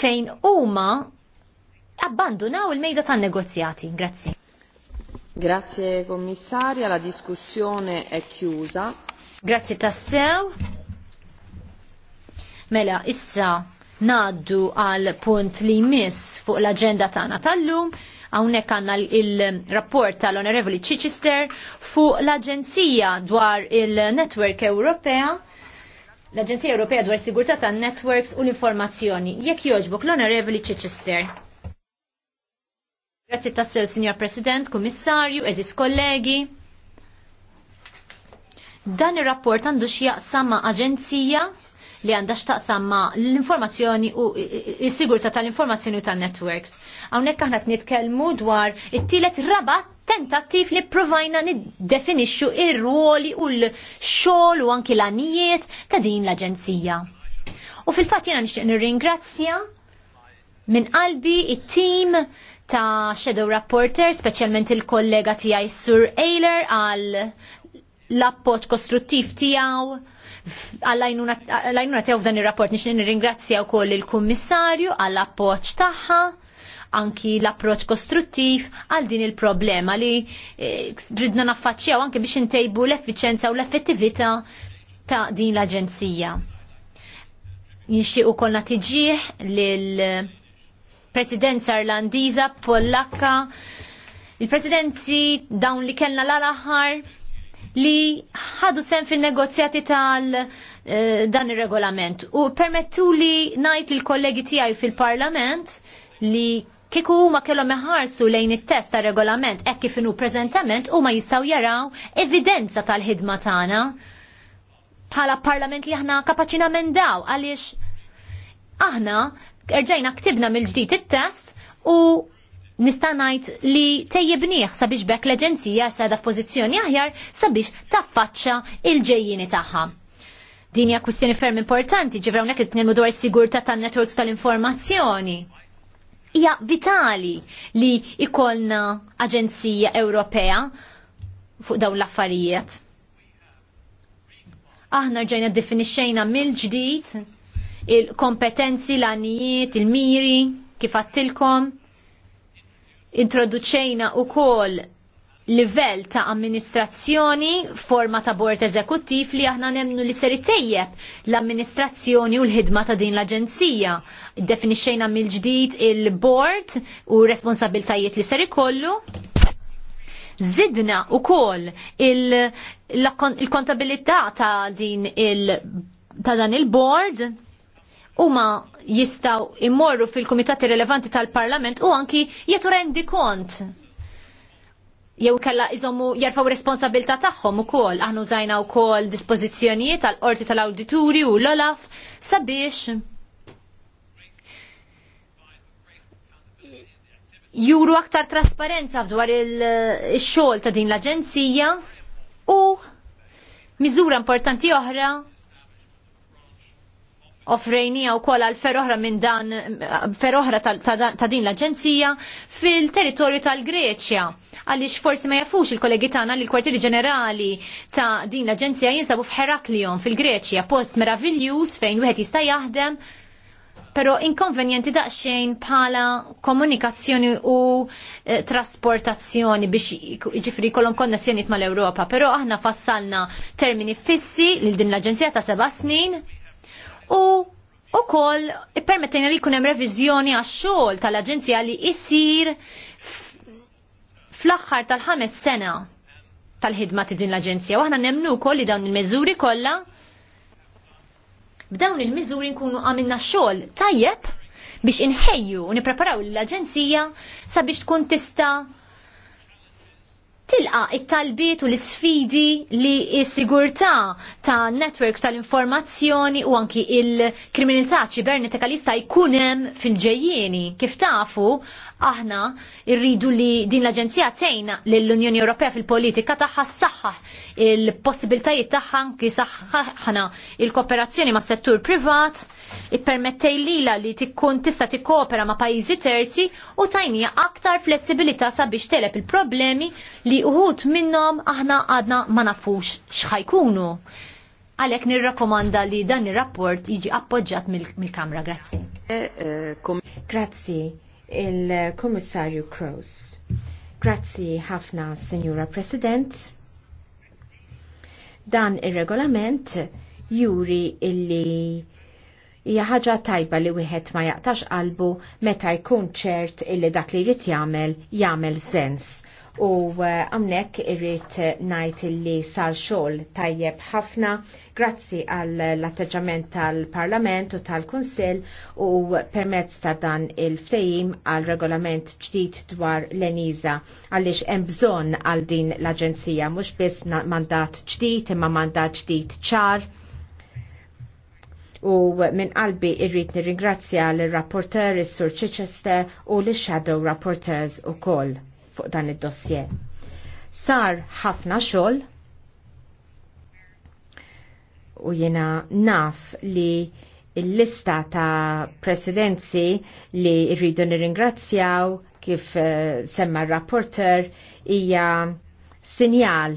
fejn huma abbandunaw il-mejda tan-negozjati. Grazzi. Grazie commissaria, la discussione è chiusa. Grazie tassew. Mela, issa naddu għal punt li jmiss fuq l-agenda tagħna tal-lum, hawnhekk għandna il-rapport tal-Onorevoli Chichester fuq l-Aġenzija dwar il-Network Ewropea l-Aġenzija Ewropea dwar Sigurtà tan-Networks u l-Informazzjoni. Jekk jogħġbok l-Onorevoli Chichester. Grazzi tassew, Signor President, Kummissarju, eżis kollegi. Dan ir-rapport għandu x'jaqsam ma' aġenzija li għandha x'taqsam ma' l-informazzjoni u s-sigurtà tal-informazzjoni u tan-networks. Hawnhekk aħna qed nitkellmu dwar it-tielet rabat tentattiv li provajna niddefinixxu ir-ruoli u l-xogħol u anki l-anijiet ta' din l-aġenzija. U fil-fatt jiena nixtieq nirringrazzja minn qalbi it-tim ta' Shadow Rapporter, speċjalment il-kollega tiegħi Sur Eiler għal l-appoġġ kostruttiv tiegħu għall-għajnuna tiegħu f'dan ir-rapport nix nirringrazzja wkoll il-Kummissarju għall-appoġġ tagħha anki l-approċ kostruttiv għal din il-problema li eh, ridna naffaċċjaw anki biex intejbu l-effiċenza u l-effettività ta' din l-Aġenzija. Nixtieq ukoll tiġih lill Presidenza Irlandiża Pollakka il-Presidenzi dawn li kellna l-aħħar li ħadu sen fin-negozjati tal eh, dan ir-regolament u permettu li najt lil kollegi tiegħi fil-Parlament li kieku huma kellhom iħarsu lejn it-test ta' regolament hekk kif inhu preżentament huma jistgħu jaraw evidenza tal-ħidma tagħna bħala parlament li aħna kapaċi namendaw għaliex aħna rġajna ktibna mill-ġdid it-test u nista' ngħid li tejjebniħ sabiex bekk l-Aġenzija sada f'pożizzjoni aħjar sabiex taffaċċa il-ġejjini tagħha. Din hija kwistjoni ferm importanti, ġifra hawnhekk qed dwar is-sigurtà tan-networks tal-informazzjoni. Hija vitali li ikollna Aġenzija Ewropea fuq dawn l-affarijiet. Aħna rġajna ddefinixxejna mill-ġdid il-kompetenzi, l-għanijiet, il-miri, kif għattilkom introduċejna wkoll livell ta' amministrazzjoni forma ta' bord eżekuttiv li aħna nemnu li ser tejjeb l-amministrazzjoni u l-ħidma ta' din l-aġenzija. Definixxejna mill-ġdid il-bord u responsabiltajiet li ser ikollu. Zidna u kol il-kontabilità ta' din il- ta' dan il-board huma jistaw immorru fil-kumitati rilevanti tal-Parlament u anki jietu rendi kont jew kella iżommu jarfaw responsabilta tagħhom ukoll aħna użajna wkoll dispożizzjonijiet tal-qorti tal-awdituri u l-olaf sabiex juru aktar trasparenza f'dwar il-xogħol ta' din l-aġenzija u miżura importanti oħra offrejnija u kol għal feroħra minn dan, feroħra ta, ta, din l-Aġenzija fil-territorju tal-Greċja. Għalix forsi ma jafux il-kollegi tagħna li l-kwartieri ġenerali ta' din l-Aġenzija jinsabu f'Heraklion fil-Greċja, post meraviglius fejn wieħed jista' jaħdem, pero inkonvenjenti daqsxejn bħala komunikazzjoni u e, trasportazzjoni biex ġifri kolom konnessjoniet mal-Europa. Pero aħna fassalna termini fissi lil din l-Aġenzija ta' seba' snin u ukoll ippermettejna li jkun hemm reviżjoni għax-xogħol tal-Aġenzija li jsir fl-aħħar tal-ħames sena tal-ħidma ta' din l-Aġenzija. Waħna nemmnu wkoll li dawn il-miżuri kollha b'dawn il-miżuri nkunu għamilna xogħol tajjeb biex inħejju u nippreparaw l-Aġenzija sabiex tkun tista' tilqa it-talbiet u l-sfidi li s-sigurtà ta' netwerk tal-informazzjoni u anki il-kriminalità ċibernetika li sta' jkunem fil-ġejjieni. Kif tafu, aħna rridu li din l-Aġenzija tgħinna lill-Unjoni Ewropea fil-politika tagħha saħħaħ il-possibiltajiet tagħha anki saħħaħna il-kooperazzjoni mas settur privat, ippermettej lila li tikkun tista' tikkopera ma' pajjiżi terzi u tajnija aktar flessibilità sabiex telep il-problemi li uħud minnhom aħna għadna ma nafux x'ħajkunu. Għalek nirrakomanda li dan ir-rapport jiġi appoġġjat mill-Kamra. Grazzi. Eh, eh, Grazzi il-Kummissarju Kroos. Grazzi ħafna, Signora President. Dan ir-regolament juri illi hija ħaġa tajba li wieħed ma jaqtax qalbu meta jkun ċert illi dak li jrid jagħmel jagħmel sens u eh, għamnek irrit najt li sar xol tajjeb ħafna grazzi għall atteġġament tal-Parlament u tal kunsel u permezz ta' dan il-ftejim għal regolament ġdid dwar l-Eniza għalix hemm bżonn għal din l-Aġenzija mhux biss mandat ġdid imma mandat ġdid ċar u minn qalbi irrit nirringrazzja l-rapporter is-Sur Chichester u l-Shadow Rapporteurs ukoll fuq dan id-dossier. Sar ħafna xogħol u jiena naf li il-lista ta' presidenzi li rridu nirringrazzjaw kif uh, semma rapporter hija sinjal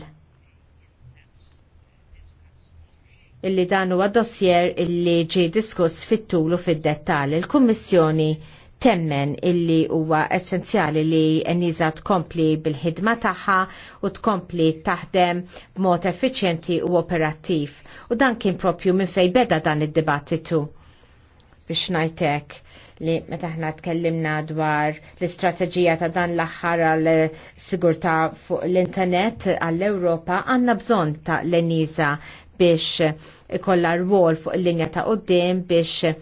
illi dan huwa dossier illi ġie diskuss fit-tul u fid-dettall. Il-Kummissjoni temmen illi huwa essenzjali li Eniza tkompli bil-ħidma tagħha u tkompli taħdem b'mod effiċjenti u operattiv. U dan kien propju minn fej beda dan id-dibattitu biex ngħidlek li meta ħna tkellimna dwar l-istrateġija ta' dan l-aħħar għal sigurtà fuq l-internet għall-Ewropa għandna bżonn ta' l-Eniza biex ikollha rwol fuq il-linja ta' qoddim biex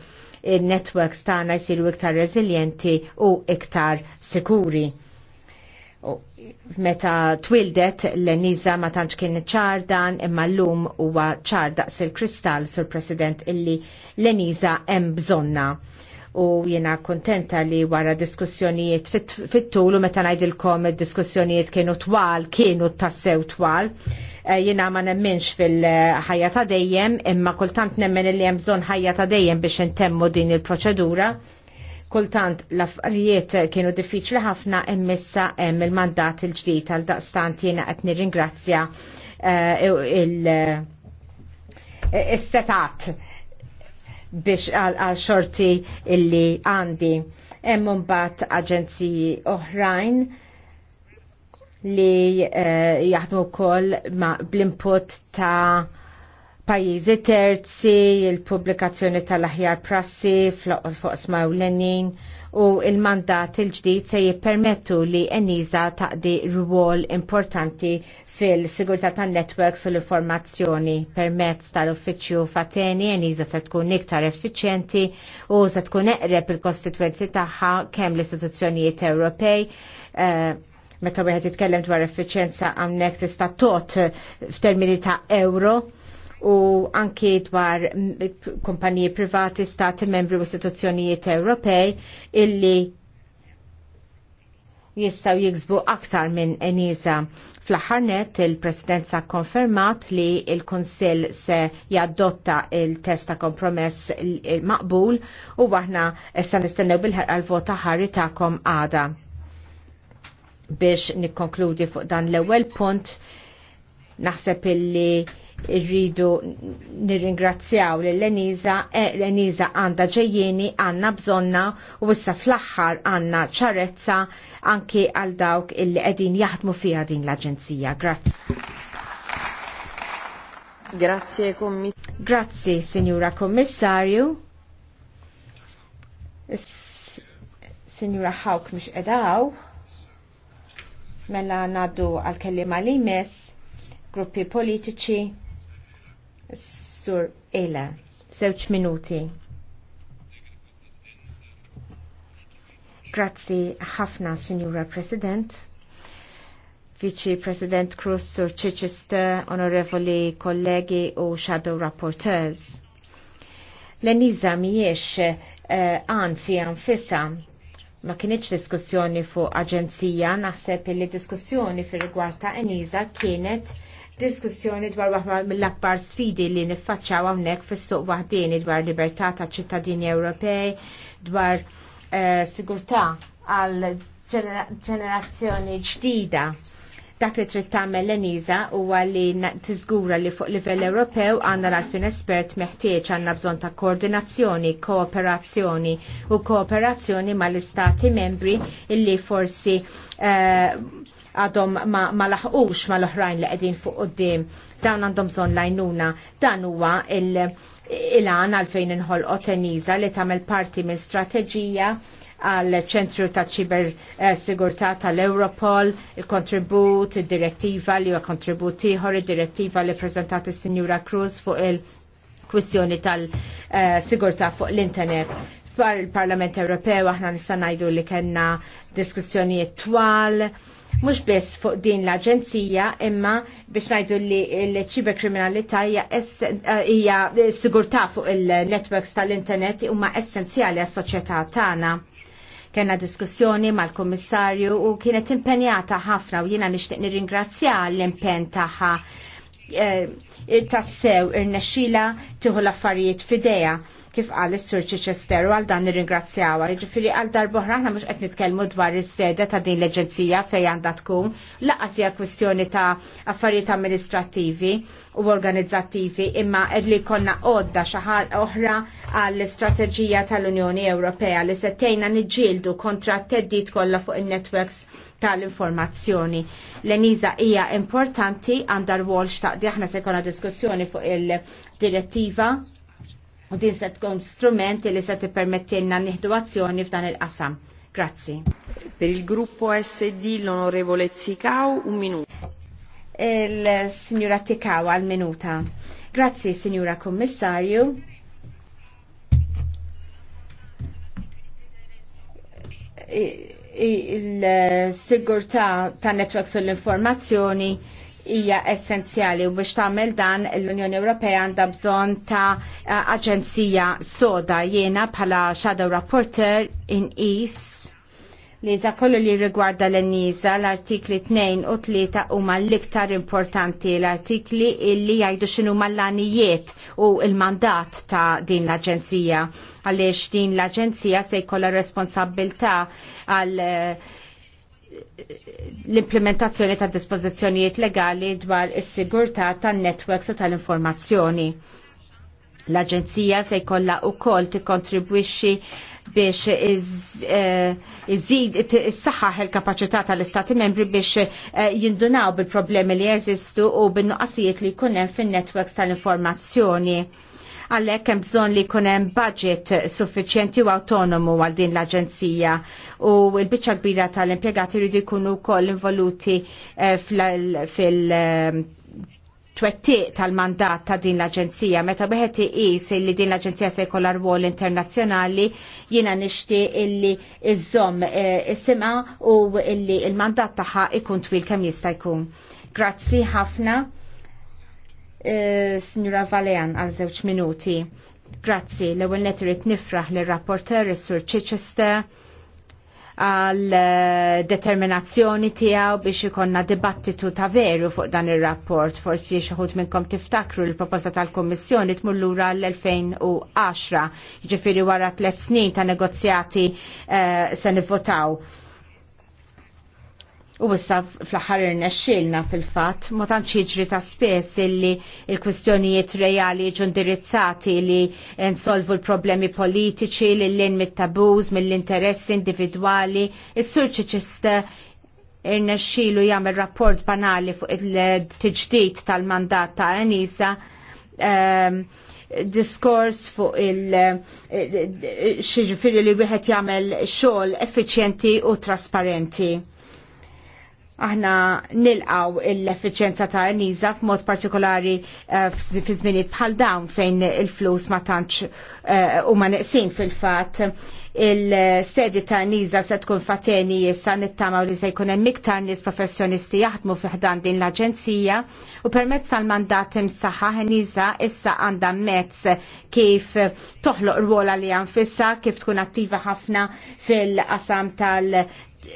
il-networks tagħna jsiru iktar reżiljenti u iktar sikuri. Meta twildet l-Niza ma tantx kien ċardan imma llum huwa daqs il-kristall sur President illi l-Niza hemm bżonna u jiena kontenta li wara diskussjonijiet fit-tul u meta ngħidilkom id-diskussjonijiet kienu twal, kienu tassew twal. Jiena ma nemminx fil-ħajja ta' dejjem, imma kultant nemmen li hemm bżonn ħajja ta' dejjem biex intemmu din il-proċedura kultant l-affarijiet kienu diffiċli ħafna emmissa hemm il-mandat il-ġdid għal daqstant jiena qed nirringrazzja uh, il- setat biex għal xorti illi għandi. Hemm bat aġenziji oħrajn li eh, jaħdmu wkoll bl-input ta' pajjiżi terzi, il-pubblikazzjoni tal-aħjar prassi fuq smaw lenin u il-mandat il-ġdid se jippermettu li Enisa taqdi rwol importanti fil-sigurtà tan-networks u l-informazzjoni permezz tal-uffiċċju fateni Enisa se tkun iktar effiċjenti u se tkun eqreb il-kostituenzi tagħha kemm l-istituzzjonijiet Ewropej uh, meta wieħed jitkellem dwar effiċjenza hawnhekk tista' tot f'termini ta' euro u anki dwar kumpaniji privati, stati membri u istituzzjonijiet Ewropej illi jistaw jiksbu aktar minn Enisa. Fl-ħarnet il-presidenza konfermat li il-Konsil se jaddotta il-testa kompromess il-maqbul u waħna issa nistennew bil ħar għal vota ħarri ta'kom għada. Biex nikkonkludi fuq dan l-ewwel punt naħseb illi irridu nirringrazzjaw l eniza l-Eniza għanda ġejjeni għanna bżonna u issa fl-axħar għanna ċarezza anki għal dawk illi qegħdin jaħdmu fiha din l-Aġenzija. Grazzi. Grazie, kommiss Grazie, signora Kommissarju. Signora Hawk mhux edaw. Mela naddu għal-kellima li mess, gruppi politiċi, Sur Ela, żewġ minuti. Grazzi ħafna, Signora President. Vici President Cruz, Sur Chichester, onorevoli kollegi u Shadow Rapporteurs. L-Eniza miex eh, għan uh, fi għanfissa ma kienieċ diskussjoni fuq aġenzija, naħseb li diskussjoni fi rigward ta' Eniza kienet diskussjoni dwar waħda mill-akbar sfidi li niffaċċaw hawnhekk fis-suq waħdini dwar libertà taċ ċittadini Ewropej, dwar eh, sigurtà għal ġenerazzjoni ġdida dak li trid tagħmel l-Eniża huwa li tiżgura li fuq livell Ewropew għandna l-arfin espert meħtieġ għandna bżonn ta' koordinazzjoni, kooperazzjoni u kooperazzjoni mal-istati membri illi forsi uh, għadhom ma, ma laħqux ma l-oħrajn li qegħdin fuq qudiem dawn għandhom bżonn lajnuna dan huwa il-għan għalfejn inħolqot Eniza li tagħmel parti minn strateġija għal ċentru ta' ċiber eh, sigurtà tal-Europol, il-kontribut, il-direttiva li huwa kontribut ieħor, il-direttiva li preżentat is-Sinjura Cruz fuq il-kwistjoni tal-sigurtà fuq l-internet. Par il-Parlament Ewropew aħna nista' ngħidu li kellna diskussjonijiet twal, mhux biss fuq din l-aġenzija imma biex ngħidu li l-ċiberkriminalità eh, hija sigurtà fuq il-networks tal-internet huma essenzjali għas-soċjetà tagħna. Kenna diskussjoni mal-Kummissarju u kienet impenjata ħafna u jiena nixtieq nirringrazzja l-impenn tagħha Eh, tassew irnexxila tieħu l-affarijiet fidea kif qal is-Sur Chichester għal dan nirringrazzjawha. Jiġifieri għal oħra aħna mhux qed nitkellmu dwar is sede ta' din l-Eġenzija fejn għandha tkun, laqas hija kwistjoni ta' affarijiet amministrattivi u organizzattivi imma li konna għodda xi oħra għall istrateġija tal-Unjoni Ewropea li settejna niġġieldu kontra t-teddit kollha fuq in-networks tal-informazzjoni. L-Eniza hija importanti għandar rwol xtaqdi aħna se jkollna diskussjoni fuq il-direttiva u din se tkun strumenti li se tippermettilna nieħdu azzjoni f'dan il-qasam. Grazzi. Per il gruppo SD l'onorevole Zicau un minuto. Il-signora Zicau al minuta. Grazie signora commissario. E il-sigurtà tan-netwerks u l-informazzjoni hija essenzjali u biex tagħmel dan l-Unjoni Ewropea għandha bżonn ta' aġenzija soda jiena bħala shadow rapporter in East li da kollu li rigwarda l-nisa l-artikli 2 u 3 huma l-iktar importanti l-artikli illi jgħidu x'inhu mal-lanijiet u il-mandat ta' din l-aġenzija għaliex din l-aġenzija se jkollha responsabilità għal eh, l-implementazzjoni ta' dispożizzjonijiet legali dwar is-sigurtà tan-netwerks u tal-informazzjoni. L-Aġenzija se jkollha wkoll tikkontribwixxi biex eh, iżid is-saħħaħ il-kapaċità tal-Istati membri biex eh, jindunaw bil-problemi li jeżistu u bin-nuqqasijiet li jkun hemm fin-networks tal-informazzjoni. Għalhekk hemm bżonn li jkun hemm budget suffiċjenti u autonomu għal din l-Aġenzija u l-biċċa kbira tal-impjegati jridu jkunu wkoll involuti eh, fil- twettiq tal-mandat ta' din l-Aġenzija. Meta wieħed iqis li din l-Aġenzija se jkollha rwol internazzjonali, jiena nixtieq illi iżomm eh, is u illi il-mandat tagħha ikun twil kemm jista' jkun. Grazzi ħafna. Eh, Signora Valean għal żewġ minuti. Grazzi, l-ewwel netrit nifraħ lir rapporter is-Sur Chichester għal eh, determinazzjoni tiegħu biex ikonna dibattitu ta' veru fuq dan ir-rapport. Forsi xaħut minnkom tiftakru l-proposta tal-Kummissjoni tmur lura l-2010, jiġifieri wara tliet snin ta' negozjati eh, se nivvotaw U issa fl-aħħar irnexxilna fil-fatt, ma tantx jiġri ta' spess illi l-kwistjonijiet reali ġu indirizzati li nsolvu l-problemi politiċi lil lin mit-tabuż, mill-interessi individwali, is-sur ċiċista irnexxilu jagħmel rapport banali fuq il-tiġdid tal-mandat ta' Enisa ehm, diskors fuq il-xiġifieri eh, eh, eh, li wieħed jagħmel xogħol effiċjenti u trasparenti aħna nilqaw l-effiċenza ta' niza f'mod partikolari uh, fi żminijiet bħal dawn fejn il-flus ma tantx eh, huma uh, neqsin fil-fatt il-sedi ta' Niza se tkun fateni issa nittama li se jkun hemm iktar nies professjonisti jaħdmu fiħdan din l-aġenzija u permezz tal-mandat imsaħħa niza issa għandha mezz kif toħloq rwola li għanfissa, kif tkun attiva ħafna fil-qasam tal-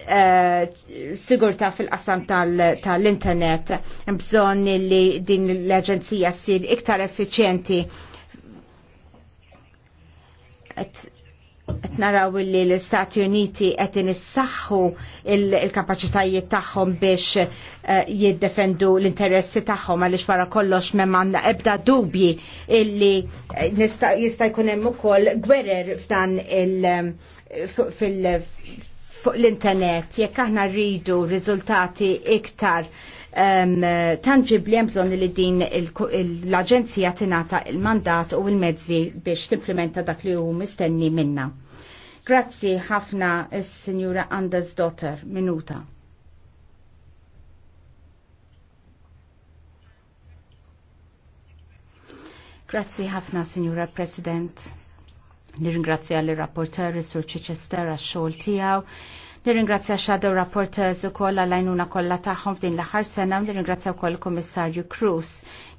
Eh, sigurta fil-qasam tal-internet. Bżon li din l-Aġenzija sir iktar effiċjenti. et naraw li l-Istati Uniti qed inissaħħu il-kapaċitajiet tagħhom biex eh, jiddefendu l-interessi tagħhom għaliex wara kollox m'hemm għandna ebda dubji illi eh, jista' jkun hemm ukoll gwerer f'dan il- fuq l-internet jekk aħna rridu riżultati iktar um, tangibli hemm bżonn li din l-aġenzija tingħata il-mandat u l-mezzi biex timplementa dak li hu mistenni minna. Grazzi ħafna s-Sinjura Anders Dotter, minuta. Grazzi ħafna, Signora President. Nirringrazzja l-rapporter Sur Chichester għax-xogħol tiegħu. Nirringrazzja Shadow Rapporters u koll għajnuna kollha tagħhom f'din l-aħħar sena u nirringrazzja wkoll il Kummissarju Cruz.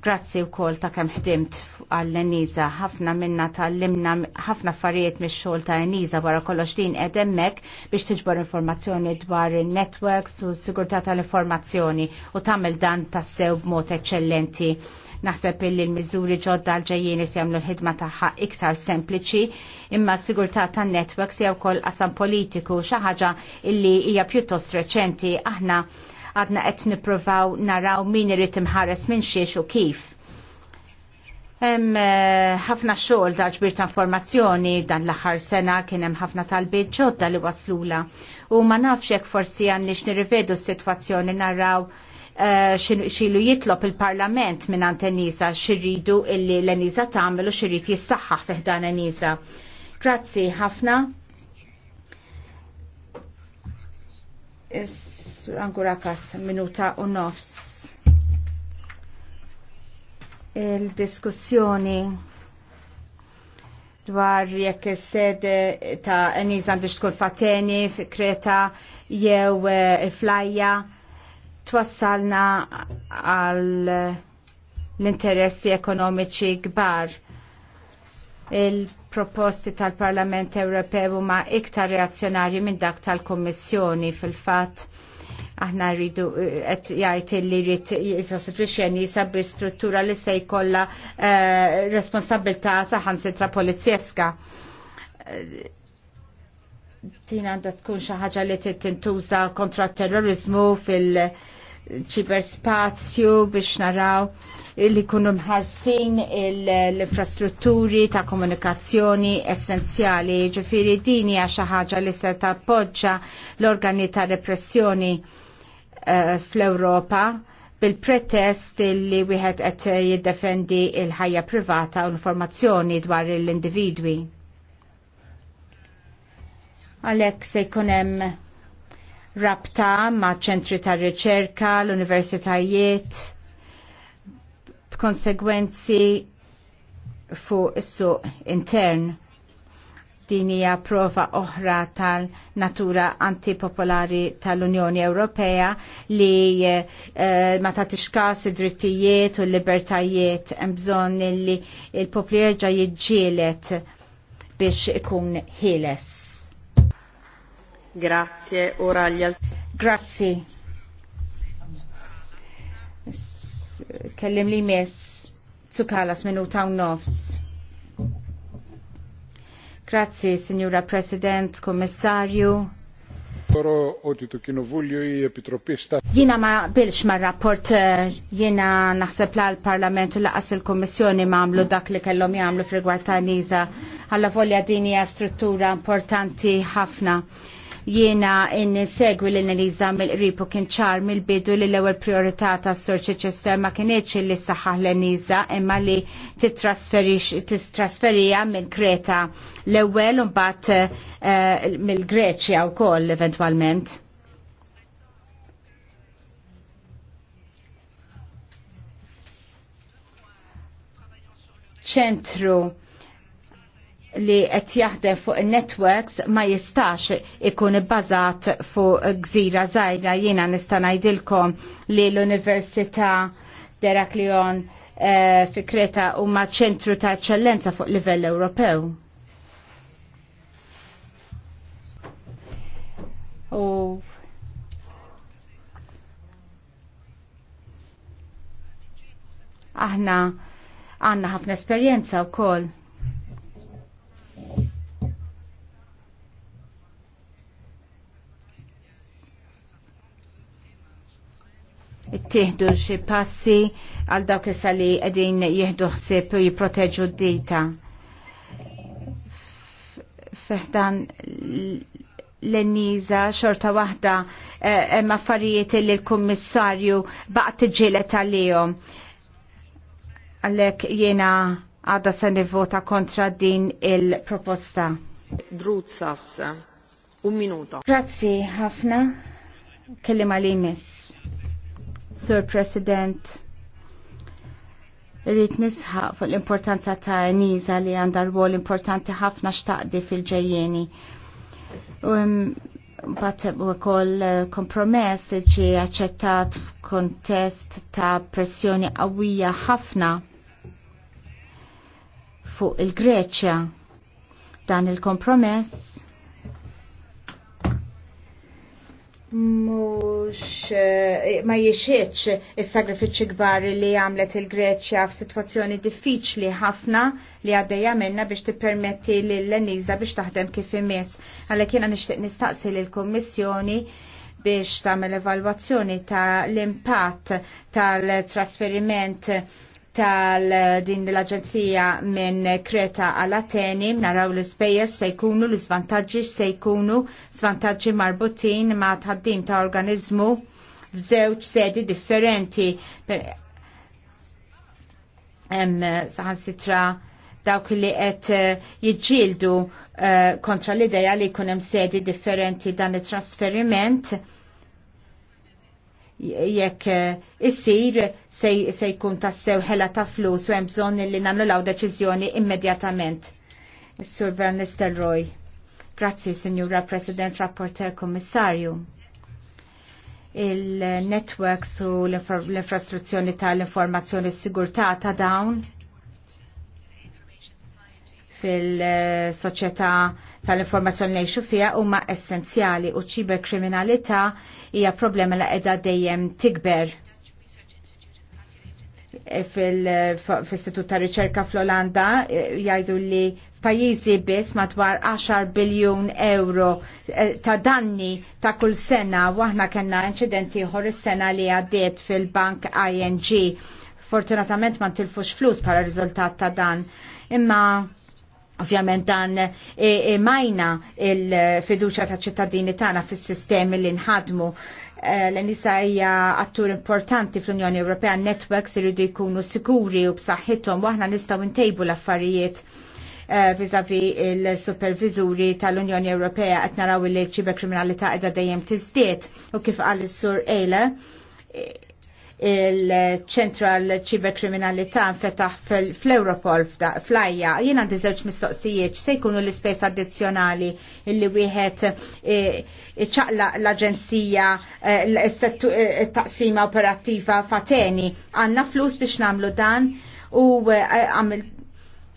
Grazzi wkoll ta' kemm ħdimt għall-Eniza. Ħafna minna tal-limna ħafna affarijiet mix-xogħol ta' Eniza wara kollox din qed hemmhekk biex tiġbor informazzjoni dwar in-networks u s-sigurtà tal-informazzjoni u tagħmel dan tassew b'mod eċċellenti Naħseb illi l-miżuri ġodda l se jagħmlu l-ħidma tagħha iktar sempliċi, imma s-sigurtà tan-networks jew wkoll qasam politiku xi ħaġa illi hija pjuttost reċenti aħna għadna qed nippruvaw naraw min irid imħares minn xiex u kif. Hemm eh, ħafna xogħol ta' ġbir ta' informazzjoni dan l-aħħar sena kien hemm ħafna talbiet ġodda li waslula u ma nafx jekk forsi għandniex nirrivedu s-sitwazzjoni naraw Eh, xilu jitlob il-parlament minn Enisa xirridu illi l-Enisa tagħmel xirrit xirrid jissaħħaħ fiħdan Enisa. Grazzi ħafna. Angurakas, minuta u nofs. Il-diskussjoni dwar jekk sede ta' Enisa għandix tkun fateni fi Kreta jew eh, il-flajja twassalna għal l-interessi ekonomiċi kbar. Il-proposti tal-Parlament Ewropew ma iktar reazzjonarji minn dak tal-Kommissjoni fil-fatt aħna rridu qed jgħid li rrid jisostitwixxjeni sabbi struttura li se jkollha uh, responsabilità saħansitra polizjeska. Tina għandha tkun xi ħaġa li tintuża kontra terrorizmu fil- spazju biex naraw li kunu mħarsin l-infrastrutturi ta' komunikazzjoni essenzjali. Ġifiri dini għaxa ħaġa li se tappoġġa l-organi ta' repressjoni eh, fl-Europa bil-pretest li wieħed qed jiddefendi il-ħajja privata u l-informazzjoni dwar l-individwi. Għalhekk se jkun hemm rabta ma' ċentri ta' riċerka, l-universitajiet, b'konsegwenzi fuq is-suq intern. Din hija prova oħra tal-natura antipopolari tal-Unjoni Ewropea li eh, ma tagħtix każ id-drittijiet u l-libertajiet hemm bżonn li l-popli erġa jiġġieled biex ikun ħieles. Grazie, ora agli altri. Grazie. Kellim li mis Tsukalas minuta u nofs. Grazie, Signora President, Kommissarju. Jina ma bilx ma rapporter, jina naħseb la l-Parlament laqas il-Kommissjoni ma għamlu dak li kellhom jagħmlu fil-gwar ta' Niza. Alla volja din hija struttura importanti ħafna Jiena n-segwi l-analiza mill ripu kien ċar mill-bidu li l-ewwel priorità tas-Sur Chichester ma kienieċ li saħħaħ l-analiza imma li t-trasferija mill Kreta l-ewwel u mbagħad eh, mill-Greċja wkoll eventwalment. ċentru li qed jaħdem fuq in-networks ma jistax ikun ibbażat fuq gżira żgħira jiena nista' ngħidilkom li l-Università Deraklion eh, fi Kreta huma ċentru ta' eċċellenza fuq livell Ewropew. U aħna għandna ħafna esperjenza wkoll ittieħdu xi passi għal dawk issa li qegħdin jieħdu ħsieb u jipproteġu d dita Feħdan l-niza xorta waħda eh, hemm affarijiet li l-kummissarju baqgħet tiġġieled għalihom. Għalhekk jiena għadha se nivvota kontra din il-proposta. Druzzas, un minuto. Grazzi ħafna. ma li miss. Sur President, irrit nisħaq fuq l-importanza ta' Niza li għandha rwol importanti ħafna xtaqdi fil-ġejjeni. Um, Batteb u koll uh, kompromess li ġi aċċettat f'kontest ta' pressjoni qawwija ħafna fuq il-Greċja. Dan il-kompromess mux eh, ma jiexieċ il-sagrifiċi gbar li għamlet il-Greċja f-situazzjoni diffiċli ħafna li għaddeja minna biex tippermetti li l-Eniza biex taħdem kif imis. Għalek jena nishtiq nistaqsi l-Kommissjoni biex tagħmel evalwazzjoni ta' l-impatt tal-trasferiment tal-din eh, l-Aġenzija minn Kreta għal Ateni naraw l-ispejjeż se jkunu l-iżvantaġġi se jkunu svantaġġi marbutin ma' tħaddim ta' organizmu f'żewġ sedi differenti. Hemm saħansitra dawk li qed eh, jiġġieldu eh, kontra l-idea li jkun hemm sedi differenti dan it-trasferiment jekk eh, issir se jkun tassew ħela ta' flus u hemm bżonn li nagħmlu deċiżjoni immedjatament. sur Vernister Roy. Grazzi, Signora President, Rapporter, Kommissarju il-networks u l-infrastruzzjoni tal-informazzjoni s-sigurtà ta' dawn fil-soċjetà eh, tal-informazzjoni li jxu fija huma essenzjali u ċiberkriminalità hija problema li qiegħda dejjem tikber e, fil-Istitut ta' Riċerka fl-Olanda e, jgħidu li f'pajjiżi biss madwar 10 biljun euro e, ta' danni ta' kull sena waħna kellna inċidenti ieħor is-sena li għaddiet fil-Bank ING. Fortunatament ma tilfux flus para riżultat ta' dan. Imma Ovvjament dan e, e majna il-fiduċa ta' ċittadini tagħna fis-sistemi li nħadmu e, l-nisa hija attur importanti fl-Unjoni Ewropea networks iridu jkunu sikuri u b'saħħithom u aħna nistgħu ntejbu l-affarijiet e, vizavi il-supervizuri tal-Unjoni Ewropea qed naraw il ċiberkriminalità qiegħda dejjem tiżdied u kif qal is-sur Ejla il-ċentral ċiberkriminalità nfetaħ fl-Europol fl-ajja. Jien għandi żewġ mistoqsijiet se jkunu l-ispejs addizzjonali illi wieħed e, e, ċaqla l-Aġenzija e, taqsima operattiva fateni. Għandna flus biex nagħmlu dan u għamil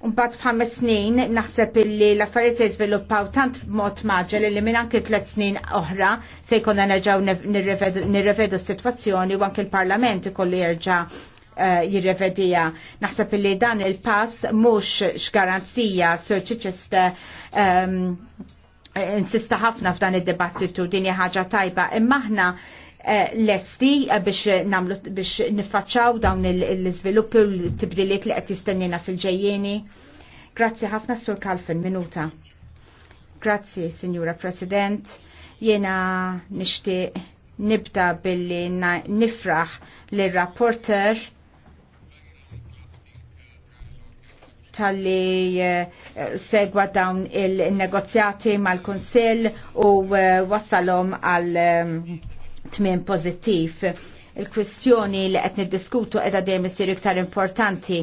Mbagħad f'ħames snin naħseb illi l-affarijiet se jiżviluppaw tant b'mod maġel li minn anke tliet snin oħra se jkollna nerġgħu nirrevedu s-sitwazzjoni u anke l-Parlament ikollu jerġa' eh, jirrevedija. Naħseb illi dan il-pass mhux x'garanzija Sir Chichester ehm, insista ħafna f'dan id-dibattitu din hija ħaġa tajba imma aħna Eh, lesti eh, biex namlu biex niffaċċaw dawn l izviluppi u l-tibdiliet li qed jistennina fil-ġejjeni. Grazzi ħafna Sur Kalfin, minuta. Grazzi, Signora President. Jena nixtieq nibda billi nifraħ l-rapporter tal-li eh, segwa dawn il-negozjati mal-Konsil u wassalom għal Tmien pożittiv. Il-kwistjoni li qed niddiskutu qiegħda dejjem isir iktar importanti.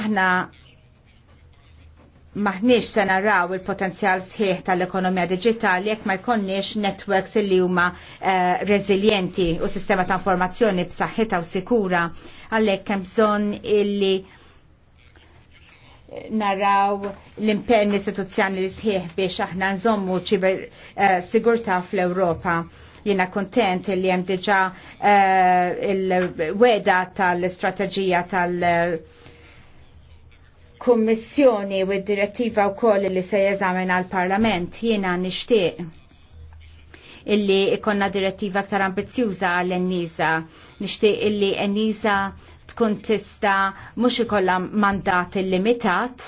Aħna maħniex se naraw il-potenzjal sħiħ tal-ekonomija digitali jekk ma jkollniex networks li huma uh, resilienti u sistema ta' informazzjoni b'saħħitha u sikura għalhekk hemm bżonn illi naraw l-impenn istituzzjoni sħiħ biex aħna nżommu ċiber eh, sigurta fl-Europa. Jena kontent li hemm diġà l eh, il-weda tal-istrateġija tal-, kummissjoni u d-direttiva u koll li se jeżamina l-Parlament jiena nishtiq illi ikonna direttiva aktar ambizjuża għall ennisa Nishtiq illi ennisa tkun tista mhux ikollha mandat illimitat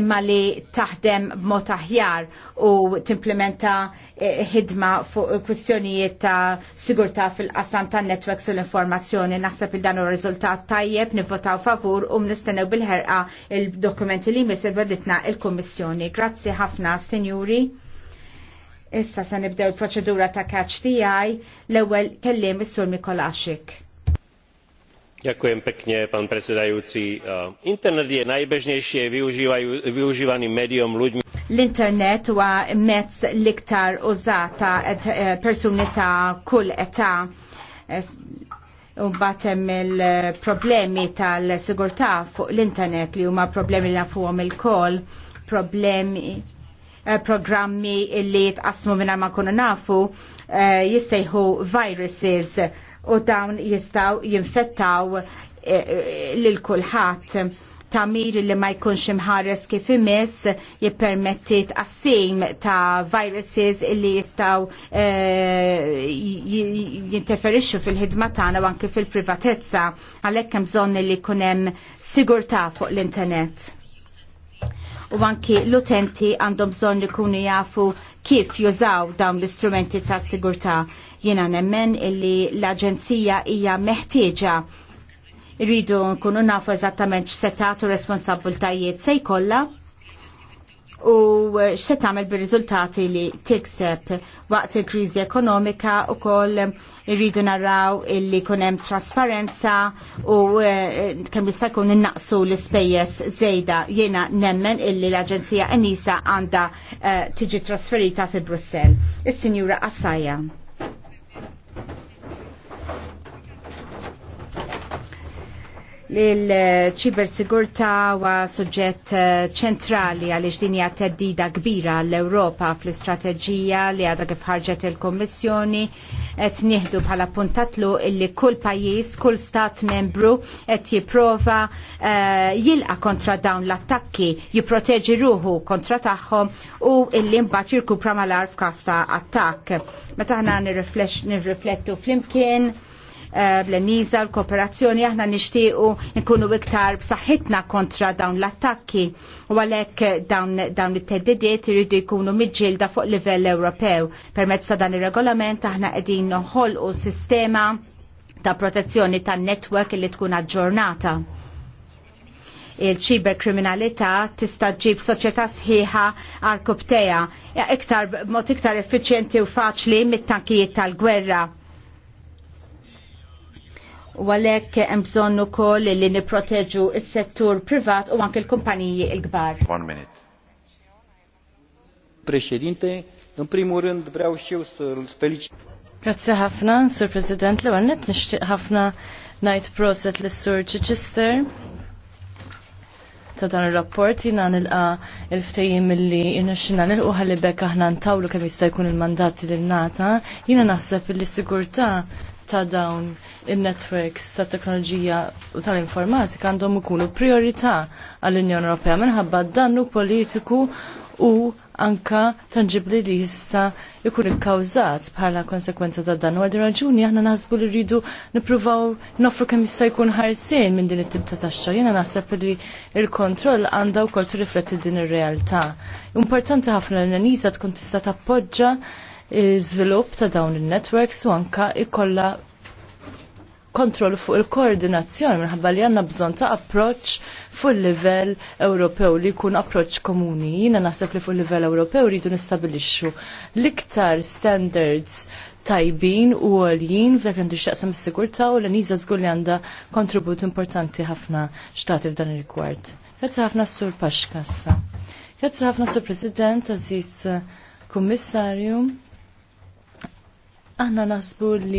imma li taħdem b'mod aħjar u timplementa eh, ħidma fuq kwistjonijiet ta' sigurtà fil-qasam ta' netwerks u l-informazzjoni. Naħseb il dan u riżultat tajjeb nivvotaw favur u nistennew bil-ħerqa il-dokumenti li jmiss beditna il-Kummissjoni. Grazzi ħafna, Sinjuri. Issa se nibdew il-proċedura ta' catch TI l-ewwel kelliem is-Sur Mikolaxik. E, internet je najbežnejšie využívaným médium ľuďmi. L-internet huwa mezz l-iktar użata e, persuni ta' kull età u batem il-problemi tal-sigurtà fuq l-internet li huma problemi li nafuhom il-kol, problemi e, programmi li jitqasmu minn ma kunu nafu jissejħu viruses u dawn jistaw jinfettaw eh, eh, lil kulħadd tamir li ma jkunx imħares kif imiss jippermetti tqassim ta' viruses li jistaw eh, jinterferixxu fil-ħidma tagħna u anke fil-privatezza għalhekk hemm bżonn li jkun hemm sigurtà fuq l-internet u anki l-utenti għandhom bżonn li kunu jafu kif jużaw dawn l-istrumenti ta' sigurtà. Jiena nemmen illi l-Aġenzija hija meħtieġa rridu nkunu nafu eżattament x'setat u responsabiltajiet se jkollha u x'se tagħmel bir-riżultati li tikseb waqt il-kriżi ekonomika wkoll irridu naraw illi jkun hemm trasparenza u eh, kemm jista' jkun innaqsu l-ispejjeż żejda jiena nemmen illi l-Aġenzija Enisa għandha eh, tiġi trasferita fi Brussell. Is-Sinjura Assaja. l-ċibersigurta huwa suġġett eh, ċentrali għaliex din hija teddida kbira l-Ewropa fl-istrateġija li għadha kif ħarġet il-Kommissjoni qed nieħdu bħala puntatlu illi kull pajjiż, kull stat membru qed jipprova eh, jilqa kontra dawn l-attakki, jipproteġi ruħu kontra tagħhom u illi mbagħad jirkupra mal-arf kasta attakk. Meta aħna nirriflettu flimkien Eh, bl-Eniza, l-kooperazzjoni, aħna nishtiqu nkunu iktar b'saħħitna kontra dawn l-attakki u għalhekk dawn it-teddidiet iridu jkunu miġġielda fuq livell Ewropew. Permezz ta' dan ir-regolament aħna qegħdin noħolqu sistema ta' protezzjoni tan-netwerk li tkun aġġornata il-ċiberkriminalità tista' ġib soċjetà sħiħa għal kubteja iktar mod iktar effiċjenti u faċli mit-tankijiet tal-gwerra u għalhekk hemm bżonn ukoll li nipproteġu s-settur privat u anke l-kumpaniji l-kbar. One minute. Presidente, in primul rind vreau și eu Grazie ħafna, Sur President, li għannet nixtieq ħafna najt proset lis sur Chichester ta' dan il-rapport jina nilqa il-ftejjim mill-li jirnaxxina nilqu li bekk aħna ntawlu kemm jista' jkun il-mandati l nata jina naħseb li sigurtà ta' dawn in-networks ta' teknoloġija u tal-informatika għandhom ikunu priorità għall-Unjoni Ewropea minħabba dannu politiku u anka tangibli li jista' jkun ikkawżat bħala konsekwenza ta' dan. U għadin raġuni aħna naħsbu li rridu nippruvaw nofru kemm jista' jkun ħarsien minn din it-tip ta' taxxa. Jiena naħseb li l-kontroll għandha wkoll tirrifletti din ir-realtà. Importanti ħafna li Nanisa tkun tista' tappoġġa iżvilupp ta' dawn il-networks u anka ikolla kontroll fuq il-koordinazzjoni minħabba li għanna bżon ta' approċ fuq il-livell Ewropew li jkun approċ komuni. Jina naħseb li fuq il-livell Ewropew rridu nistabilixxu l-iktar standards tajbin u għoljin f'dak għandu xaqsam s-sigurta u l-niza zgur li għanda kontribut importanti ħafna xtati f'dan il-rikward. Grazzi ħafna s-sur Paxkassa. Grazzi ħafna s-sur President, Aziz Kommissarium. Aħna naħsbu li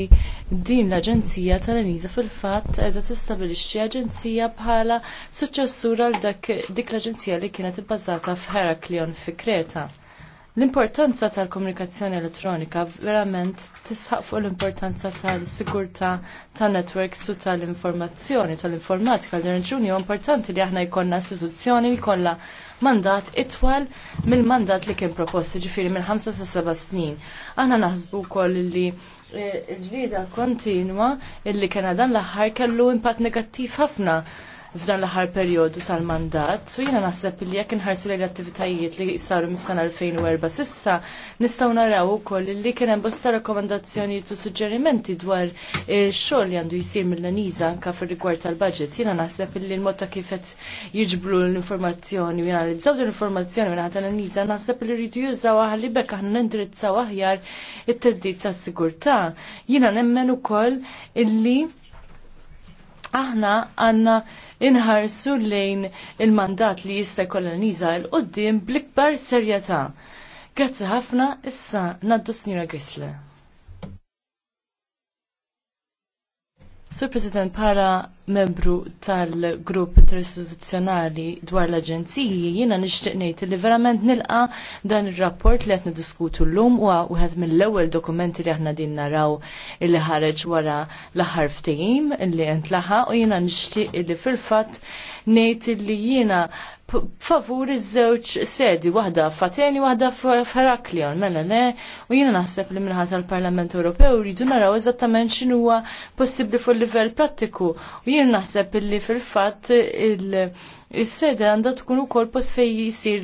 din l-Aġenzija tal-Eniza fil-fatt qiegħda tistabilixxi aġenzija bħala suċċessura għal dak dik l-Aġenzija li kienet ibbażata f'Heraklion fi Kreta. L-importanza tal-komunikazzjoni elettronika verament tisħaq fuq l-importanza tal-sigurtà tan-networks u tal-informazzjoni tal-informatika għal raġuni importanti li aħna jkollna istituzzjoni jkollha mandat itwal mill-mandat li kien proposti ġifiri minn 5 sa 7 snin. Aħna naħsbu wkoll li eh, l-ġlida kontinwa illi kena dan l-aħħar kellu impatt negattiv ħafna f'dan l-aħħar perjodu tal-mandat. U jiena naħseb li jekk inħarsu lejn attivitajiet li saru mis-sena 2004 sissa, nistgħu naraw ukoll li kien hemm bosta rakkomandazzjonijiet u suġġerimenti dwar xogħol li għandu jsir mill-Aniża anka fir-rigward tal-budget. Jiena naħseb li l-mod ta' kif qed jiġbru l-informazzjoni u jenalizzaw din l-informazzjoni minn l analiża naħseb li rridu jużaw aħli bekk aħna nindirizzaw aħjar it-teddid tas-sigurtà. Jiena nemmen ukoll illi aħna għandna inħarsu lejn il-mandat li jista' jkollha l qoddim bl-ikbar serjetà. Grazzi ħafna issa naddu Snira Grisle. Sur President, para membru tal-grupp interistituzzjonali dwar l-aġenziji, jiena nixtieq ngħid li verament nilqa dan ir-rapport li qed niddiskutu llum huwa wieħed mill-ewwel dokumenti li aħna din naraw li ħareġ wara l-aħħar ftehim li qed laħaq u jiena nixtieq li fil-fatt ngħid li jiena favur iż-żewġ sedi, waħda f'Ateni, waħda f'Heraklion, mela ne, u jiena naħseb li minħata l-Parlament Ewropew rridu naraw eżattament x'inhu huwa possibbli fuq livell prattiku. U jiena naħseb li fil-fatt il- Is-sede għandha tkun ukoll post fejn jisir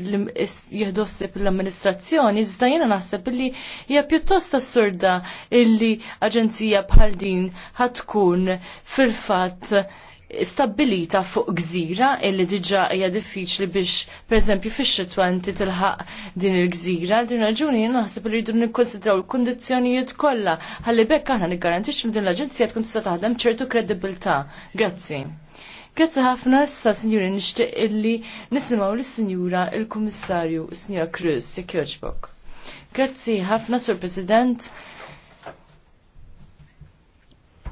jihdossib l-amministrazzjoni, iżda jiena naħseb li hija pjuttost assurda illi aġenzija bħal din ħatkun fil-fatt stabilita fuq gżira illi diġa hija diffiċli biex pereżempju fix-xitwa inti tilħaq din il-gżira, din raġuni jien naħseb li jridu nikkonsidraw il-kundizzjonijiet kollha ħalli bekk aħna niggarantix li din l-aġenzija tkun tista' taħdem ċertu kredibilità. Grazzi. Grazzi ħafna issa sinjuri nixtieq illi nisimgħu lis-Sinjura il-Kummissarju, Sinjura Cruz, jekk jogħġbok. Grazzi ħafna Sur President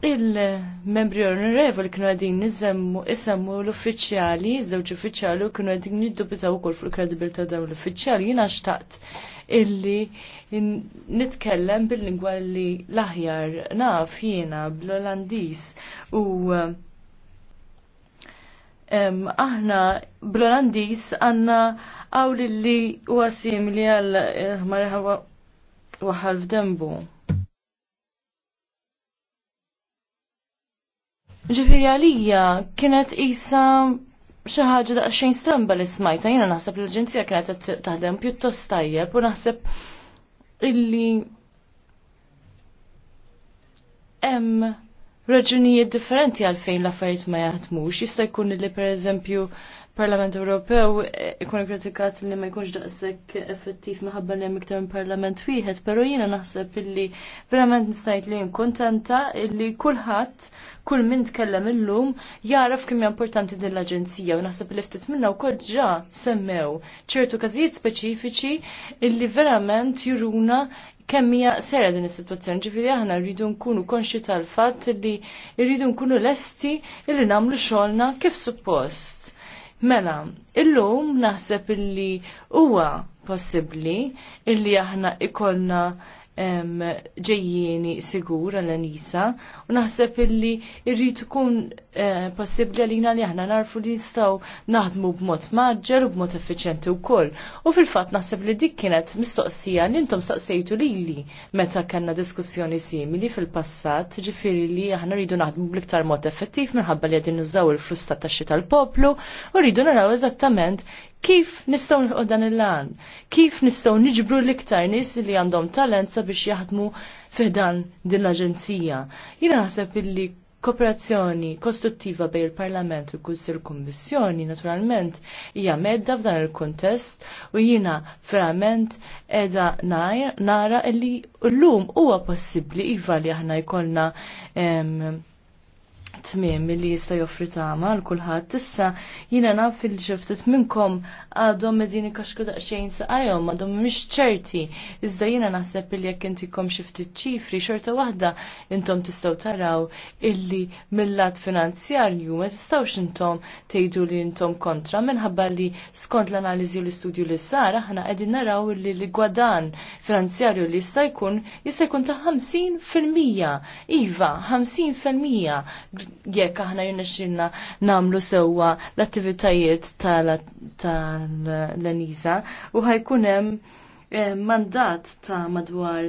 il-membri onorevoli kienu għadin nizemmu isemmu l-uffiċjali, żewġ uffiċjali u kienu għadin niddubitaw kol fuq il-kredibilità dawn l-uffiċjali, jiena xtaqt illi nitkellem bil-lingwa li l-aħjar naf jiena bl-Olandiż u aħna bl-Olandiż għandna għawli li huwa simili għal eh, marħawa waħal f'dembu. Ġifiri għalija kienet jisa xi ħaġa xejn stramba li smajta, jiena naħseb l ġenzija kienet taħdem pjuttost tajjeb u naħseb illi hemm raġunijiet differenti għalfejn l-affarijiet ma jaħdmux. Jista' jkun li pereżempju Parlament Ewropew eh, ikun kritikat li ma jkunx daqshekk effettiv minħabba li hemm iktar minn parlament wieħed, però jiena naħseb illi verament nistajt li nkuntenta illi kulħadd kull min tkellem illum jaraf kemm importanti din l-aġenzija u naħseb li ftit minnha wkoll ġa semmew ċertu każijiet speċifiċi illi verament juruna kemm hija sera din is-sitwazzjoni, ġifieri aħna rridu nkunu konxi tal-fatt li rridu nkunu lesti illi nagħmlu xogħolna kif suppost. Mela, illum naħseb illi huwa possibbli illi aħna ikollna ġejjieni sigur għal anisa u naħseb illi irrid ikun Eh, possibbli għalina li aħna narfu li nistgħu naħdmu b'mod maġġel u b'mod effiċjenti wkoll. U fil-fatt naħseb li dik kienet mistoqsija li intom staqsejtu lili meta kellna diskussjoni simili fil-passat, ġifiri li aħna rridu naħdmu bl mod effettiv minħabba li qegħdin nużaw il-flus ta' taxxi tal-poplu u rridu naraw eżattament kif nistaw nħuq dan il-lan? Kif nistaw niġbru l-iktar nis li għandhom talent sabiex jaħdmu fiħdan din l-aġenzija? Jina naħseb illi kooperazzjoni kostruttiva bejn il-Parlament u l-Kunsil Kummissjoni naturalment hija medda f'dan il-kontest u jiena verament edha nara li llum huwa possibbli iva li aħna jkollna tmiem li jista' joffri tama għal kulħadd. Issa jiena naf fil-ġiftit minnkom għadhom medini kaxku daqsxejn saqajhom għadhom mhix ċerti. Iżda jiena naħseb li jekk intikom xi ftit ċifri xorta waħda intom tistgħu taraw illi mill-lat finanzjarju ma tistgħux intom tgħidu li intom kontra minħabba li skont l-analiżi u l-istudju li sar aħna qegħdin naraw li l-gwadan finanzjarju li jista' jkun jista' jkun ta' 50 fil-mija. Iva, 50 fil-mija jekk aħna jirnexxilna namlu sewwa l-attivitajiet tal-Enisa u ħajkun hemm eh, mandat ta' madwar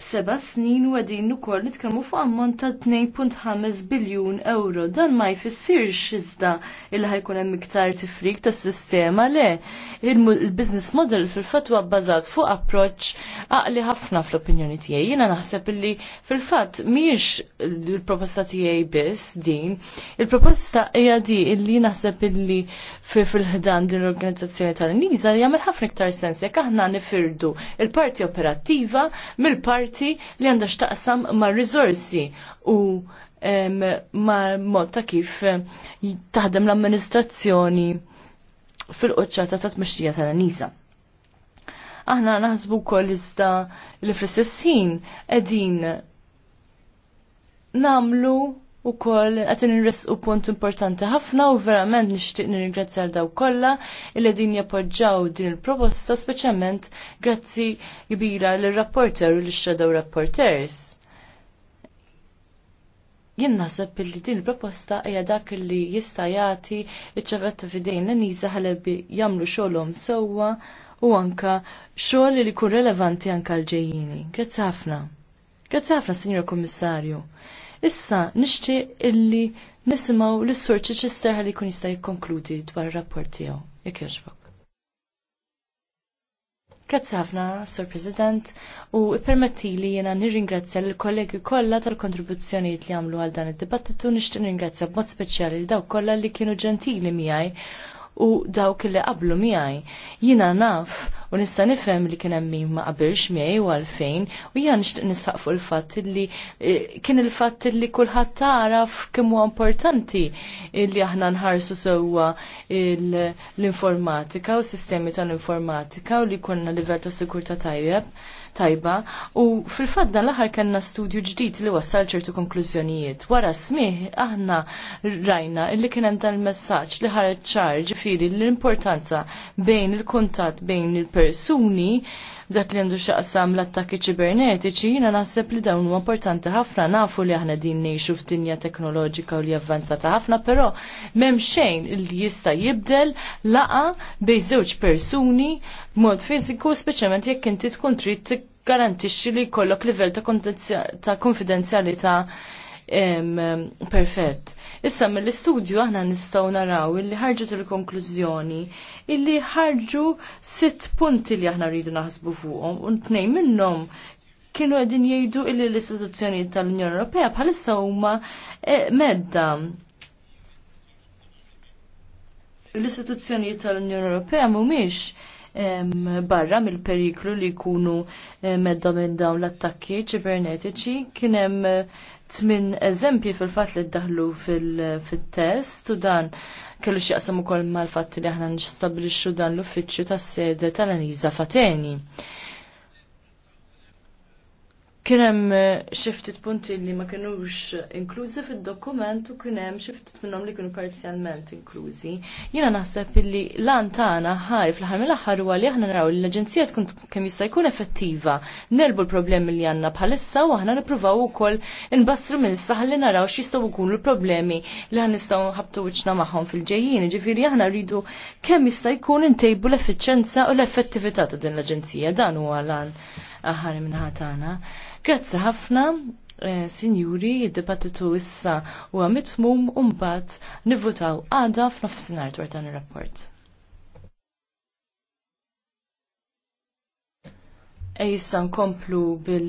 seba snin u għedin ukoll nitkellmu fuq ammont ta' 2.5 biljun euro. Dan ma jfissirx iżda illi ħajkun hemm iktar tifrik tas sistema le. Il-business model fil-fatt huwa bbażat fuq approċċ aqli ħafna fl-opinjoni tiegħi. Jiena naħseb illi fil-fatt mhijiex il-proposta tiegħi biss din. Il-proposta hija di illi naħseb illi fil-ħdan din l-organizzazzjoni tal-Niża jagħmel ħafna iktar sens jekk aħna nifirdu il-parti operattiva mill-parti parti li għandha x'taqsam mar-riżorsi u ma' mod ta' kif eh, taħdem l-amministrazzjoni fil-qoċċata ta' tmexxija tal-Anisa. Aħna naħsbu wkoll iżda li fl-istess ħin qegħdin namlu u kol għatin nresqu punt importanti ħafna u verament nishtiq nirringrazzja għal daw kollha illi din jappoġġaw din il-proposta speċjalment grazzi kbira l rapporter u l-shadow rapporters. Jien naħseb li din il-proposta hija dak li jista' jagħti iċ-ċavetta f'idejn l-nisa ħalebi jagħmlu xogħolhom sewwa u anka xogħol li jkun relevanti anke l ġejjini. Grazzi ħafna. Grazzi ħafna, Signor Kummissarju. Issa nixtieq illi nisimgħu lis-Sur Chichester ħalli jkun jista' jikkonkludi dwar ir-rapport tiegħu. Jekk jogħġbok. Grazzi ħafna, Sur President, u permetti li jena nirringrazzja l-kollegi kollha tal-kontribuzzjonijiet li għamlu għal dan id-dibattitu nixtieq nirringrazzja b'mod speċjali l dawk kollha li kienu ġentili miegħi u dawk li qablu miegħi. Jiena naf u nista' nifhem li kien hemm min ma qabilx miegħi u għalfejn u jien nixtieq nisaq fuq il-fatt li eh, kien il-fatt li kulħadd taraf kemm huwa importanti li aħna nħarsu sewwa l-informatika u s-sistemi tal-informatika u li konna livell ta' sigurtà tajjeb tajba u fil-fatt dan l-aħħar kellna studju ġdid li wassal ċertu konklużjonijiet. Wara smih aħna rajna illi kien hemm dan il-messaġġ li ħareġ ċar ġifieri l-importanza bejn il-kuntatt bejn il persuni dak li għandu xaqsam l-attakki ċibernetiċi, jina naħseb li dawn huwa importanti ħafna nafu li aħna din nejxu f'dinja teknoloġika u li avvanzata ħafna, però m'hemm xejn li jista' jibdel laqa bej żewġ persuni b'mod fiżiku, speċjalment jekk inti tkun trid garantixxi li jkollok livell ta' konfidenzjalità perfett. Issa mill-istudju aħna nistgħu naraw illi ħarġet il-konklużjoni illi ħarġu sitt punti li aħna rridu naħsbu fuqhom u tnejn minnhom kienu qegħdin jgħidu illi l-istituzzjoni tal-Unjoni Ewropea bħalissa huma e, medda l-istituzzjoni tal-Unjoni Ewropea mhumiex barra mill-periklu li jkunu eh, medda minn dawn l-attakki ċibernetiċi. Kien hemm eh, tmin eżempji fil-fatt li ddaħlu fil-test u dan kellu xieqsam ukoll mal-fatt li aħna nistabilixxu dan l-uffiċċju tas-sede tal aniza Fateni. Kien hemm eh, xi ftit punti li ma kinux inklużi fid-dokument u kien hemm xi ftit minnhom li kienu parzjalment inklużi. Jiena naħseb li lan tagħna ħari fl-aħħar mill-aħħar huwa li aħna naraw li l-aġenzija tkun kemm jista' jkun effettiva, nelbu l-problemi li għandna bħalissa u aħna nippruvaw ukoll inbastru minn issa li naraw x'jistgħu jkunu l-problemi li ħan nistgħu nħabtu wiċċna magħhom fil-ġejjin. Ġifieri aħna rridu kemm jista' jkun intejbu l-effiċenza u l-effettività ta' din l-aġenzija dan huwa lan aħħar ħatana. Grazzi ħafna, eh, sinjuri, id debattitu issa u għamitmum umbat nivutaw għada f'nofsinar dwar dan il-rapport. Ejsa komplu bil-